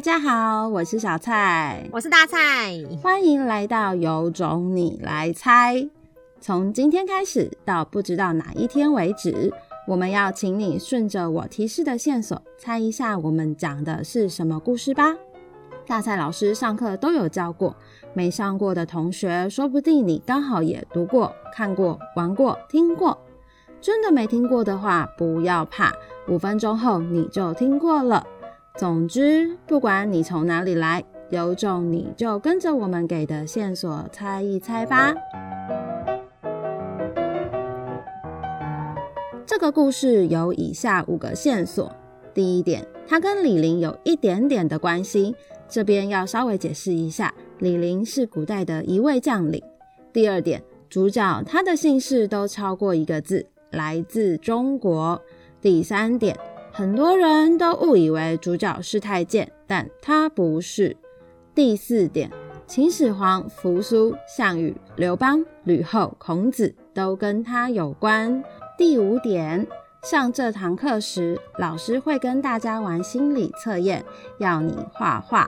大家好，我是小蔡，我是大蔡，歡迎來到有種你來猜。從今天開始到不知道哪一天為止，我們要請你順着我提示的線索，猜一下我們講的是什麼故事吧。大蔡老師上課都有教過，沒上過的同學，說不定你剛好也讀過、看過、玩過、聽過。真的沒聽過的話，不要怕，五分鐘後你就聽過了。總之，不管你從哪裡來，有種你就跟着我們給的線索猜一猜吧。嗯、這個故事有以下五個線索：第一點，他跟李陵有一點點的關係。這邊要稍微解釋一下，李陵是古代的一位將領。第二點，主角他的姓氏都超過一個字，來自中國。第三點。很多人都誤以為主角是太監，但他不是。第四點，秦始皇、扶蘇、項羽、劉邦、呂後、孔子都跟他有關。第五點，上這堂課時，老師會跟大家玩心理測驗，要你畫畫。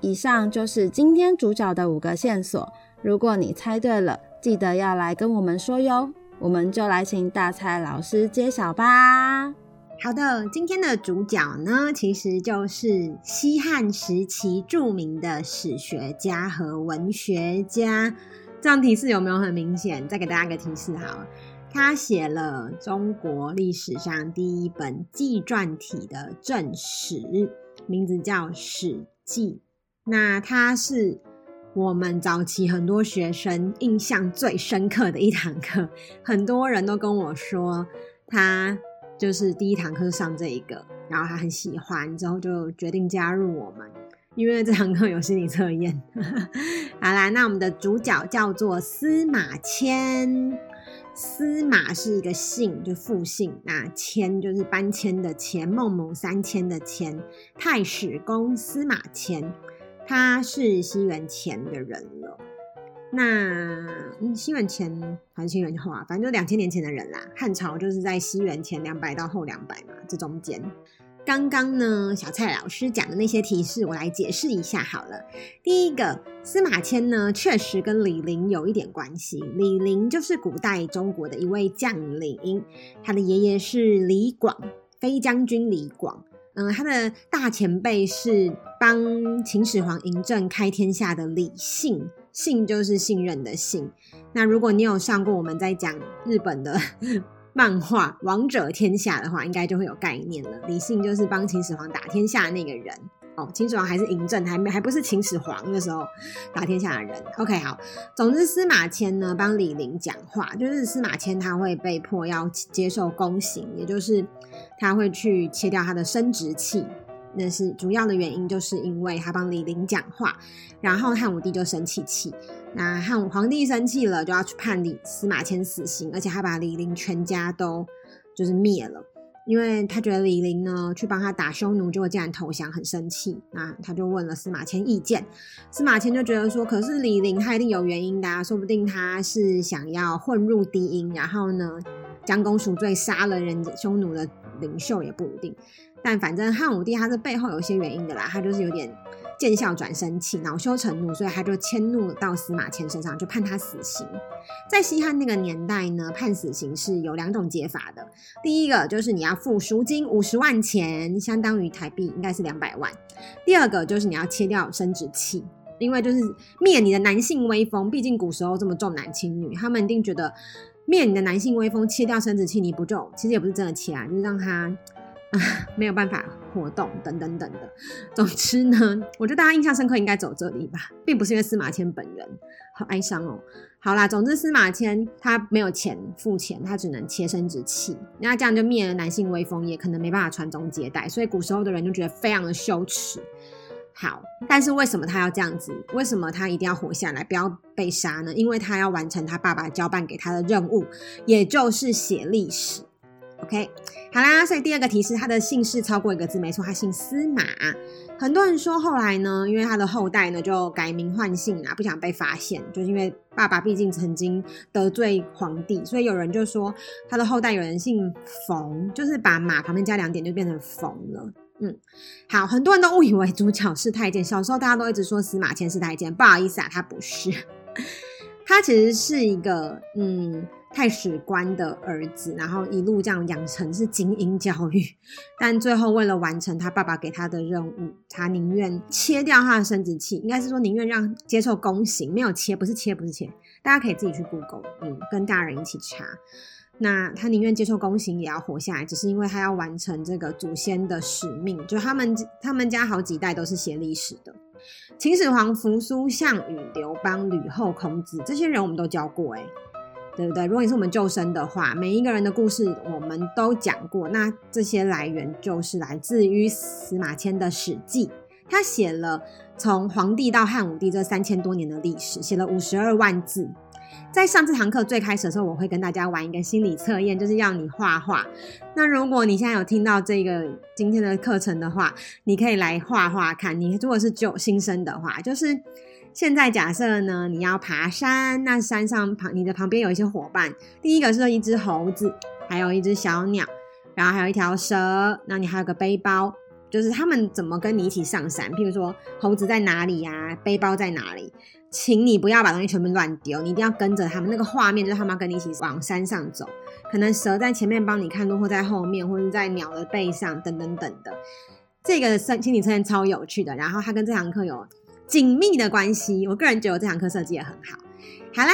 以上就是今天主角的五個線索。如果你猜對了，記得要來跟我們說喲。我們就來請大蔡老師揭曉吧。好的，今天的主角呢，其實就是西漢時期著名的史學家和文學家。這樣提示有沒有很明顯？再給大家一個提示好了，他寫了中國歷史上第一本紀傳體的正史，名字叫《史記》。那他是我們早期很多學生印象最深刻的一堂課，很多人都跟我說他。就是第一堂課上這一個，然後他很喜歡，之後就決定加入我們。因為這堂課有心理測驗。 好啦，那我們的主角叫做司馬遷，司馬是一個姓，就是、複姓。那遷就是搬遷的遷，孟母三遷的遷，太史公司馬遷，他是西元前的人了。那西元前還是西元後啊？反正就兩千年前的人啦。漢朝就是在西元前兩百到後兩百嘛，這中間。剛剛呢，小蔡老師講的那些提示，我來解釋一下好了。第一個，司馬遷呢，確實跟李陵有一點關係。李陵就是古代中國的一位將領，他的爺爺是李廣飛將軍李廣。嗯、呃，他的大前輩是幫秦始皇嬴政開天下的李信。信就是信任的信。那如果你有上過我們在講日本的漫畫《王者天下》的話，應該就會有概念了。李信就是幫秦始皇打天下的那個人哦，秦始皇還是嬴政，還沒還不是秦始皇的時候打天下的人。OK，好。總之，司馬遷呢，幫李陵講話，就是司馬遷他會被迫要接受宮刑，也就是他會去切掉他的生殖器。那是主要的原因，就是因為他幫李陵講話，然後漢武帝就生氣氣，那漢武皇帝生氣了，就要去判李司馬遷死刑，而且他把李陵全家都就是滅了，因為他覺得李陵呢去幫他打匈奴，就會竟然投降，很生氣。那他就問了司馬遷意見，司馬遷就覺得說，可是李陵他一定有原因的啊，說不定他是想要混入敵營，然後呢將功贖罪，殺了人匈奴的領袖也不一定。但反正漢武帝他這背後有一些原因的啦，他就是有點見笑轉生氣，惱羞成怒，所以他就遷怒到司馬遷身上，就判他死刑。在西漢那個年代呢，判死刑是有兩種解法的。第一個就是你要付贖金五十萬錢，相當於台幣應該是兩百萬。第二個就是你要切掉生殖器，因為就是滅你的男性威風。畢竟古時候這麼重男輕女，他們一定覺得滅你的男性威風，切掉生殖器你不就其實也不是真的切啊，就是讓他。啊，沒有辦法活動，等等等等的。總之呢，我覺得大家印象深刻應該走這裡吧，並不是因為司馬遷本人，好哀傷哦。好啦，總之司馬遷他沒有錢付錢，他只能切生殖器，那這樣就滅了男性威風，也可能沒辦法傳宗接代，所以古時候的人就覺得非常的羞恥。好，但是為什麼他要這樣子？為什麼他一定要活下來，不要被殺呢？因為他要完成他爸爸交辦給他的任務，也就是寫歷史。OK。好啦，所以第二個提示，他的姓氏超過一個字，沒錯，他姓司馬。很多人說後來呢，因為他的後代呢就改名換姓啦，不想被發現，就是因為爸爸畢竟曾經得罪皇帝，所以有人就說他的後代有人姓馮，就是把馬旁邊加兩點就變成馮了。嗯，好，很多人都誤以為主角是太監，小時候大家都一直說司馬遷是太監，不好意思啊，他不是， 他其實是一個嗯。太史官的兒子，然後一路這樣養成是精英教育，但最後為了完成他爸爸給他的任務，他寧願切掉他的生殖器，應該是說寧願讓接受宮刑，沒有切，不是切，不是切，大家可以自己去 Google，嗯，跟大人一起查。那他寧願接受宮刑也要活下來，只是因為他要完成這個祖先的使命。就他們他們家好幾代都是寫歷史的，秦始皇、扶蘇、項羽、劉邦、呂後、孔子，這些人我們都教過，欸，誒對不對？如果你是我們舊生的話，每一個人的故事我們都講過。那這些來源就是來自於司馬遷的《史記》，他寫了從黃帝到漢武帝這三千多年的歷史，寫了五十二萬字。在上這堂課最開始的時候，我會跟大家玩一個心理測驗，就是要你畫畫。那如果你現在有聽到這個今天的課程的話，你可以來畫畫看。你如果是舊新生的話，就是。現在假設呢，你要爬山，那山上旁你的旁邊有一些夥伴，第一個是一隻猴子，還有一隻小鳥，然後還有一條蛇，那你還有個背包，就是他們怎麼跟你一起上山？譬如說猴子在哪裡呀，啊？背包在哪裡？請你不要把東西全部亂丟，你一定要跟着他們。那個畫面就是他們要跟你一起往山上走，可能蛇在前面幫你看路，或在後面，或者在鳥的背上等等等等的。這個身心理測驗超有趣的，然後他跟這堂課有。緊密的關係，我個人覺得這堂課設計得很好。好啦，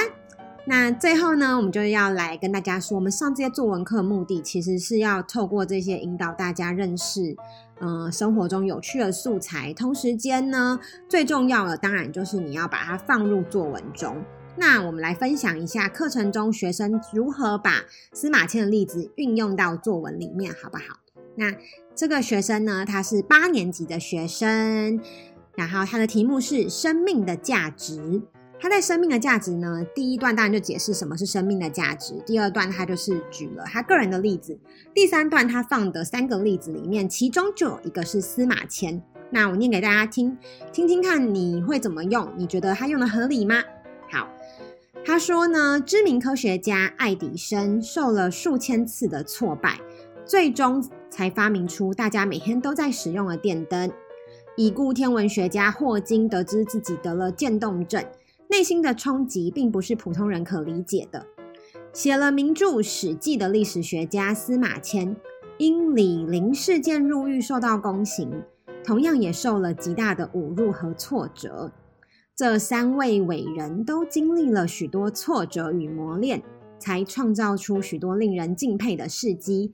那最後呢，我們就要來跟大家說，我們上這些作文課的目的，其實是要透過這些引導大家認識，嗯、呃，生活中有趣的素材。同時間呢，最重要的當然就是你要把它放入作文中。那我們來分享一下課程中學生如何把司馬遷的例子運用到作文裡面，好不好？那這個學生呢，他是八年級的學生。然後他的題目是“生命的價值”。他在“生命的價值”呢，第一段當然就解釋什麼是生命的價值。第二段他就是舉了他個人的例子。第三段他放的三個例子裡面，其中就有一個是司馬遷。那我念給大家聽，聽聽看你會怎麼用？你覺得他用得合理嗎？好，他說呢，知名科學家愛迪生受了數千次的挫敗，最終才發明出大家每天都在使用的電燈。已故天文學家霍金得知自己得了漸凍症，內心的衝擊並不是普通人可理解的。寫了名著《史記》的歷史學家司馬遷，因李陵事件入獄，受到宮刑，同樣也受了極大的侮辱和挫折。這三位偉人都經歷了許多挫折與磨練。才創造出許多令人敬佩的事蹟，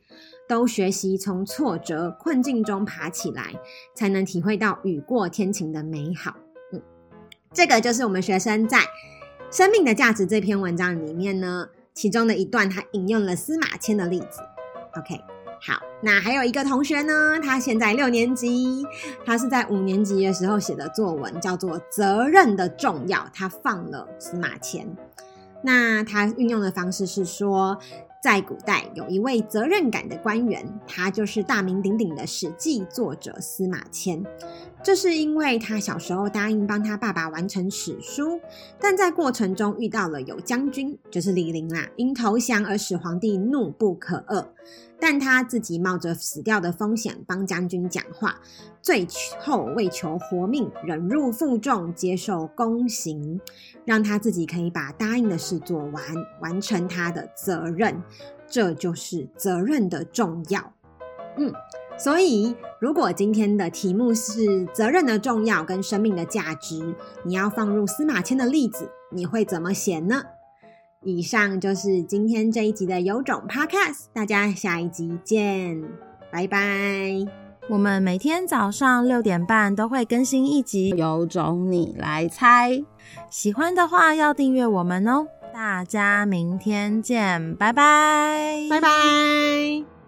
都學習從挫折困境中爬起來，才能體會到雨過天晴的美好。嗯，這個就是我們學生在《生命的價值》這篇文章裡面呢，其中的一段，他引用了司馬遷的例子。OK，好，那還有一個同學呢，他現在六年級，他是在五年級的時候寫的作文，叫做《責任的重要》，他放了司馬遷。那他運用的方式是說。在古代，有一位責任感的官員，他就是大名鼎鼎的史記作者司馬遷。這是因為他小時候答應幫他爸爸完成史書，但在過程中遇到了有將軍，就是李陵啦，因投降而使皇帝怒不可遏。但他自己冒着死掉的風險幫將軍講話，最後為求活命，忍辱負重接受宮刑，讓他自己可以把答應的事做完，完成他的責任。這就是責任的重要，嗯，所以如果今天的題目是責任的重要跟生命的價值，你要放入司馬遷的例子，你會怎麼寫呢？以上就是今天這一集的有種 Podcast，大家下一集見，拜拜。我們每天早上六點半都會更新一集，有種你來猜，喜歡的話要訂閱我們哦。大家明天見，拜拜，拜拜。